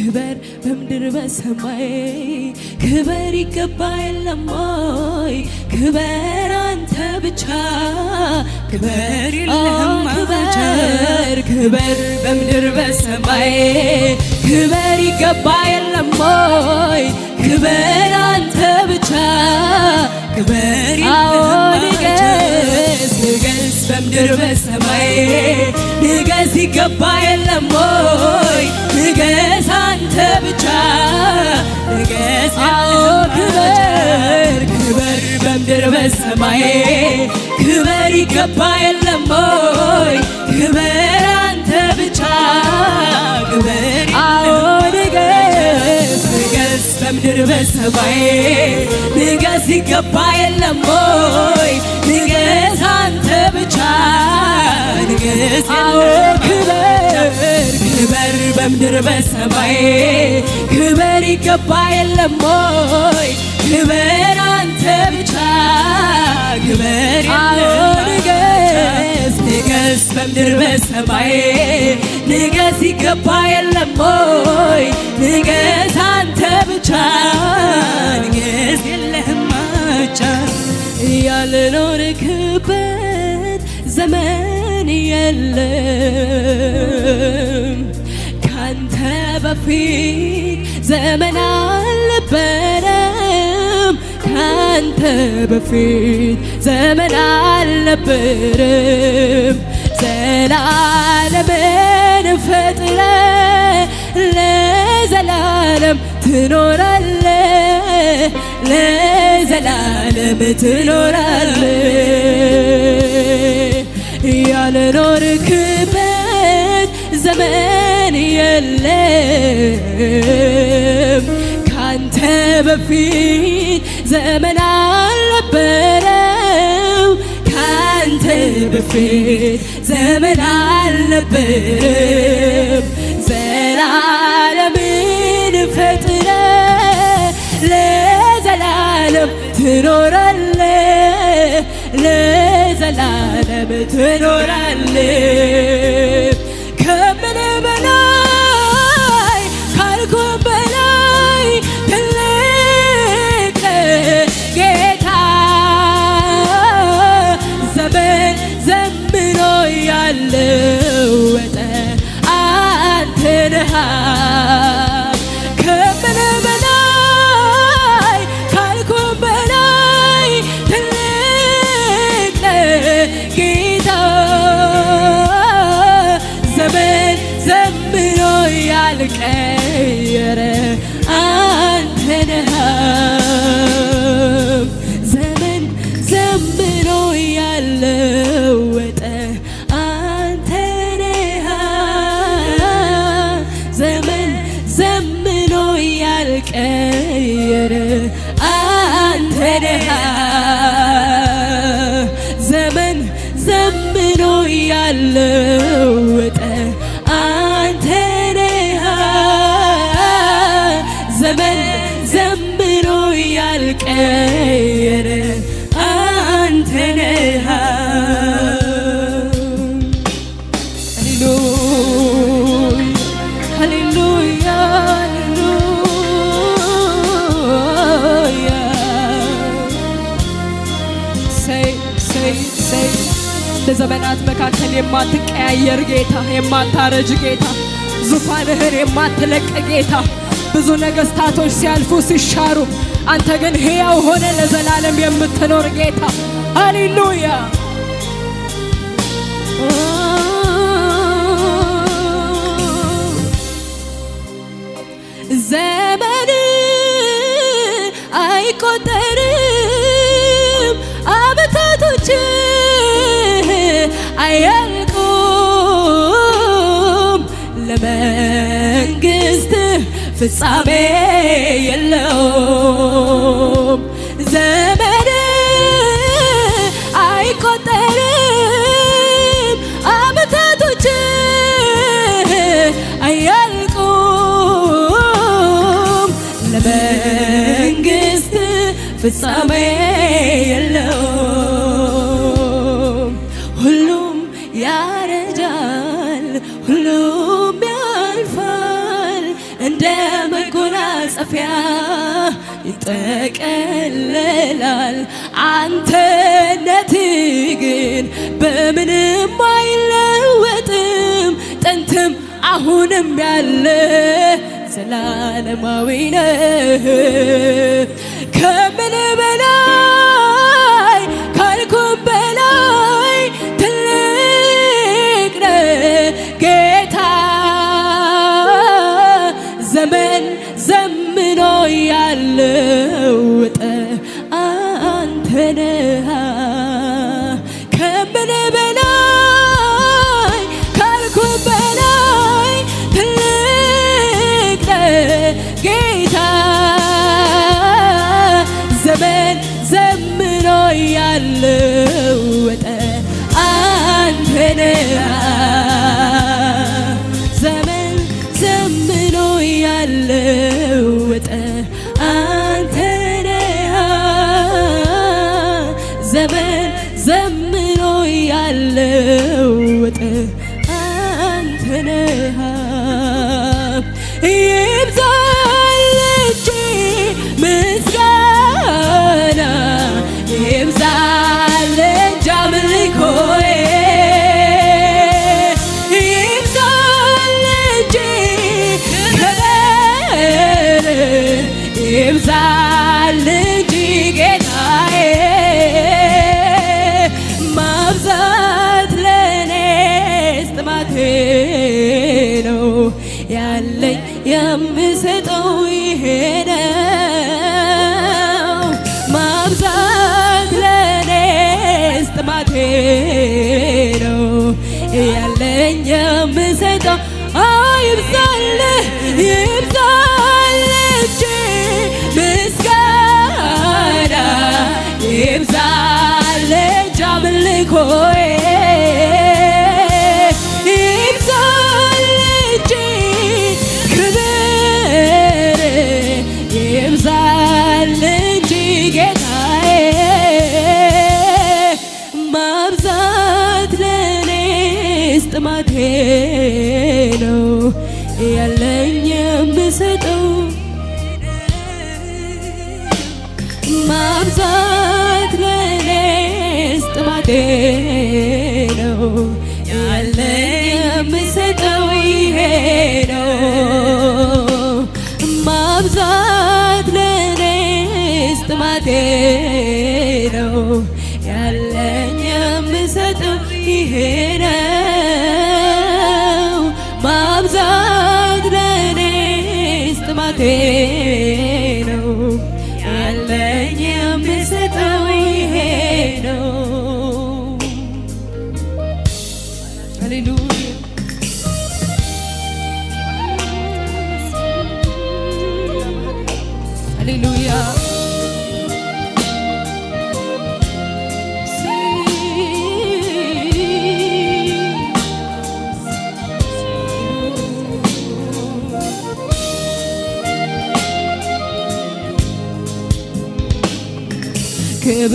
ክበር በምድር በሰማይ ክበር ይገባል ለማይ ክበር አንተ ብቻ ክበር ክበር ክበር በምድር በሰማይ ክበር ይገባል ክበር አንተ ብቻ ክበር ይገባል በምድር በሰማይ ንገስ ይገባ የለም ወይ? ንገስ አንተ ብቻ ንገስ ክበር ክበር በምድር በሰማይ ክበር ይገባ የለም ወይ? ክበር ከምድር በሰማይ ንገስ ይገባ የለም ሆይ ንገስ አንተ ብቻ ንገስ ክበር ክበር በምድር በሰማይ ክበር ይገባ የለም ሆይ ክበር አንተ ብቻ ክበር ንገስ ንገስ ንገስ በምድር በሰማይ ንገስ ይገባ የለም ሆይ ንገስ አንተ ብቻ ንገስ የለህም እያልኖርክበት ዘመን የለም ካንተ በፊት ዘመን አልነበረም ካንተ በፊት ዘመን አልነበርም ዘላለምን ፈጥረ ለዘላለም ትኖራለ ለዘላለም ትኖራለ ያልኖርክበት ዘመን የለም ካንተ በፊት ዘመን አልነበርም በፊት ዘመን አልነበረም። ዘላለምን ፈጥረ ለዘላለም ትኖራለ ለዘላለም ትኖራለ Okay. የቀየረ አንተ ነህ። ለዘመናት መካከል የማትቀያየር ጌታ የማታረጅ ጌታ ዙፋንህን የማትለቅ ጌታ ብዙ ነገስታቶች ሲያልፉ ሲሻሩ አንተ ግን ሕያው ሆነ ለዘላለም የምትኖር ጌታ ሃሌሉያ። ዘ ፍጻሜ የለውም። ዘመን አይቆጠርም፣ አመታቶች አያልቁም። ለመንግስት ፍጻሜ ይጠቀለላል። አንተነት ግን በምንም አይለወጥም፣ ጥንትም አሁንም ያለ ዘላለማዊ ነህ። pensar. ልቤ ነው ያለ የምሰጠው ይሄ ነው ማብዛት ለኔስ ነው ያለኝ የምሰጠው ይሄ Aleluya. Que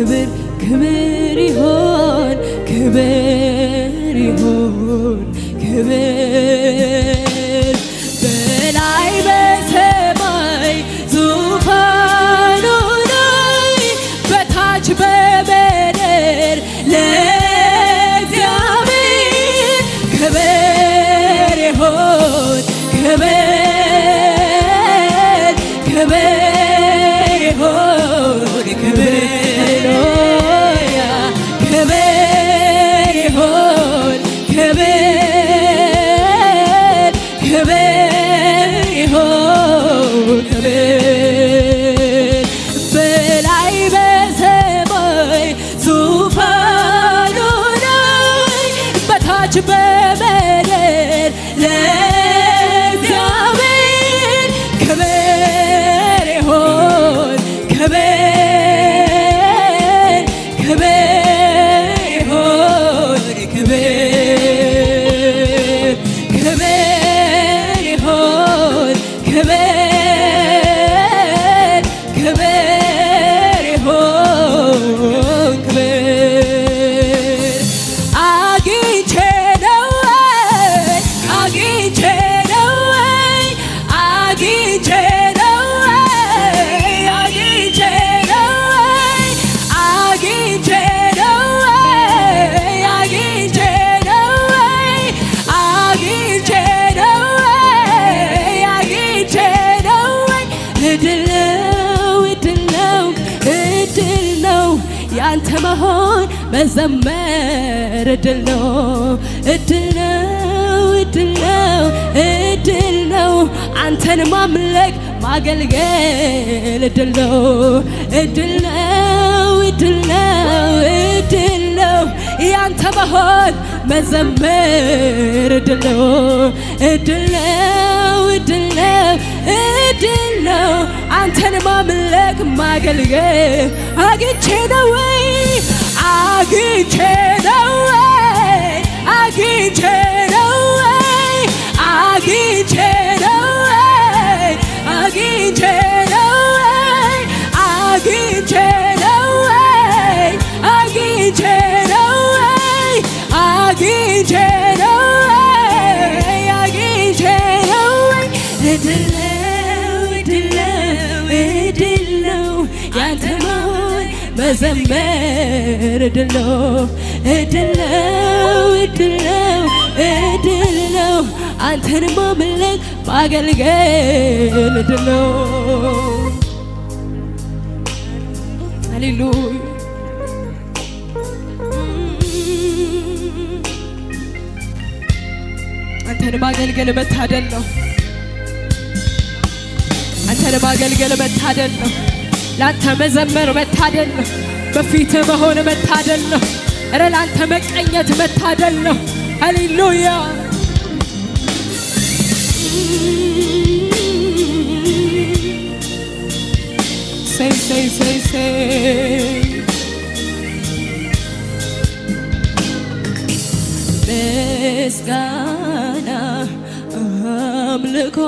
ክብር ክብር ይሆን ክብር ይሆን ክብር ያንተ መሆን መዘመር እድል ነው እድል ነው እድል ነው እድል ነው አንተን ማምለክ ማገልገል እድል ነው እድል ነው እድል ነው እድል ነው ያንተ መሆን መዘመር እድል ነው እድል ነው እድል ነው እድል ነው አንተን ማምለክ ማገልገል አግቼ ነው ወይ አግቼ ነው መዘመር እድል ነው እድል ነው እድል ነው እድል ነው አንተን ማምለክ ማገልገል እድል ነው። ሃሌሉያ አንተን ማገልገል መታደል ነው። አንተን ማገልገል መታደል ነው። ላንተ መዘመር መታደል ነው። በፊት መሆን መታደል ነው። እረ ላንተ መቀኘት መታደል ነው። ሃሌሉያ ምስጋና አምልኮ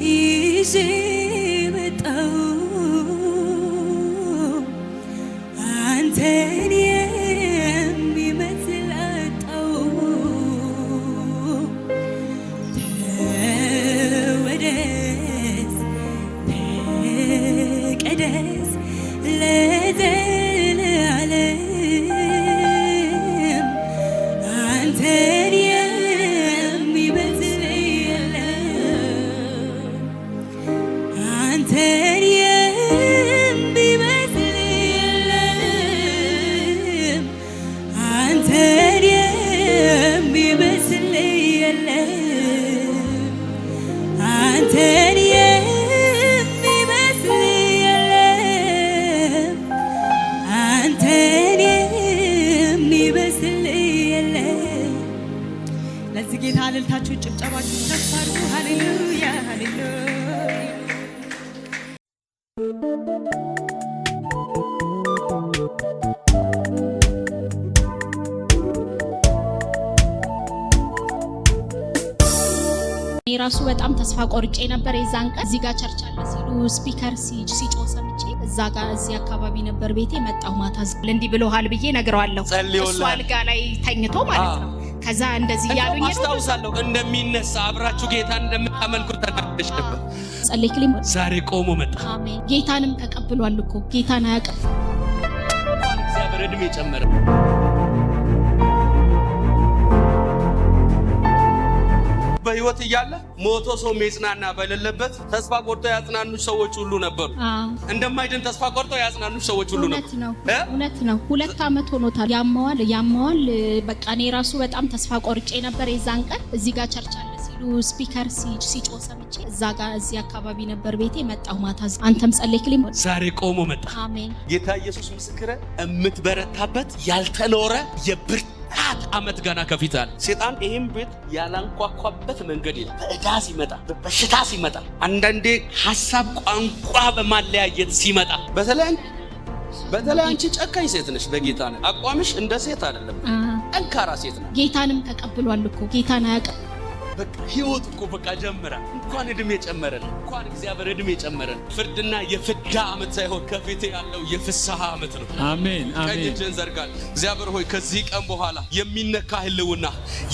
E gente. 곁에 ራሱ በጣም ተስፋ ቆርጬ ነበር። የዛን ቀን እዚህ ጋር ቸርች አለ ሲሉ ስፒከር ሲጮ ሰምቼ እዛ ጋር እዚህ አካባቢ ነበር ቤቴ መጣሁ። ማታ እንዲህ ብለሃል ብዬ ነግረዋለሁ። እሱ አልጋ ላይ ተኝቶ ማለት ነው። ከዛ እንደዚህ ያሉኝ አስታውሳለሁ። እንደሚነሳ አብራችሁ ጌታን እንደምታመልኩ ተናግረሽ ነበር። ጸለይክልኝ። ዛሬ ቆሞ መጣ። ጌታንም ተቀብሏል እኮ ጌታን አያውቅም እግዚአብሔር እድሜ ጨመረ። በህይወት እያለ ሞቶ ሰው መጽናና በሌለበት ተስፋ ቆርጦ ያጽናኑሽ ሰዎች ሁሉ ነበሩ። እንደማይድን ተስፋ ቆርጦ ያጽናኑሽ ሰዎች ሁሉ ነበሩ። እውነት ነው። ሁለት ዓመት ሆኖታል። ያማዋል ያማዋል። በቃ እኔ ራሱ በጣም ተስፋ ቆርጬ ነበር የዛን ቀን እዚህ ጋር ቸርቻል ስፒከር ሲጮ ሰምቼ እዛ ጋር እዚህ አካባቢ ነበር ቤቴ መጣሁ። ማታ አንተም ጸለይክልኝ። ዛሬ ቆሞ መጣ። አሜን። ጌታ ኢየሱስ ምስክረ የምትበረታበት ያልተኖረ የብር አመት ገና ከፊታል ሴጣን ይህም ቤት ያላንኳኳበት መንገድ የለም። በእዳ ሲመጣ፣ በበሽታ ሲመጣ፣ አንዳንዴ ሀሳብ ቋንቋ በማለያየት ሲመጣ በተለይ በተለይ አንቺ ጨካኝ ሴት ነሽ። በጌታ አቋምሽ እንደ ሴት አይደለም፣ ጠንካራ ሴት ነው። ጌታንም ተቀብሏል እኮ ጌታን አያቀ በቃ ህይወት እኮ በቃ ጀምራ እንኳን እድሜ ጨመረን፣ እንኳን እግዚአብሔር እድሜ ጨመረን። ፍርድና የፍዳ ዓመት ሳይሆን ከፊቴ ያለው የፍስሐ ዓመት ነው። አሜን አሜን። እጅን ዘርጋል። እግዚአብሔር ሆይ ከዚህ ቀን በኋላ የሚነካ ህልውና፣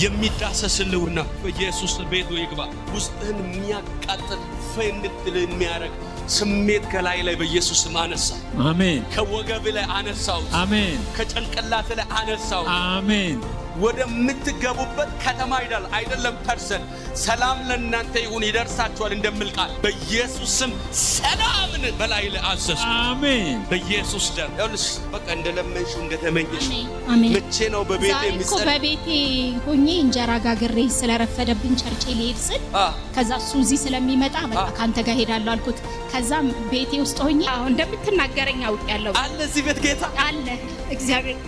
የሚዳሰስ ህልውና በኢየሱስ ቤቱ ይግባ። ውስጥህን የሚያቃጥል ፈንድል የሚያረግ ስሜት ከላይ ላይ በኢየሱስ ስም አነሳ። አሜን። ከወገብ ላይ አነሳው። አሜን። ከጭንቅላት ላይ አነሳው። አሜን። ወደምትገቡበት ከተማ ይዳል አይደለም ፐርሰን ሰላም ለእናንተ ይሁን ይደርሳችኋል እንደምል ቃል በኢየሱስ ስም ሰላምን በላይ ለአዘዙ አሜን። በኢየሱስ ደም ይሁንስ። በቃ እንደለመንሽው እንደተመኘሽ መቼ ነው በቤቴ የሚጸል በቤቴ ሆኜ እንጀራ ጋግሬ ስለረፈደብኝ ቸርቼ ሊሄድ ስል ከዛ እሱ እዚህ ስለሚመጣ በቃ ከአንተ ጋር ሄዳለሁ አልኩት። ከዛ ቤቴ ውስጥ ሆኜ አሁን እንደምትናገረኝ አውቅ ያለው አለ እዚህ ቤት ጌታ አለ እግዚአብሔር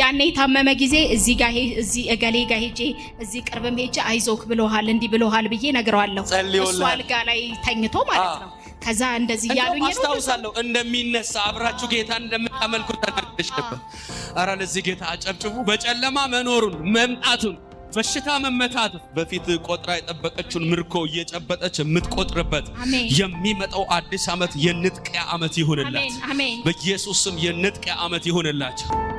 ያኔ የታመመ ጊዜ እዚህ ጋር እዚህ እገሌ ጋር ሄጄ እዚህ ቅርብም ሄጄ አይዞክ ብሎሃል እንዲህ ብሎሃል ብዬ ነግረዋለሁ። እሱ አልጋ ላይ ተኝቶ ማለት ነው። ከዛ እንደዚህ እያሉኝ አስታውሳለሁ። እንደሚነሳ አብራችሁ ጌታ እንደምታመልኩ ተናግረሽ ነበር። ኧረ ለዚህ ጌታ አጨብጭቡ። በጨለማ መኖሩን መምጣቱን በሽታ መመታት በፊት ቆጥራ የጠበቀችውን ምርኮ እየጨበጠች የምትቆጥርበት የሚመጣው አዲስ ዓመት የንጥቂያ ዓመት ይሁንላት። በኢየሱስ ስም የንጥቂያ ዓመት ይሁንላቸው።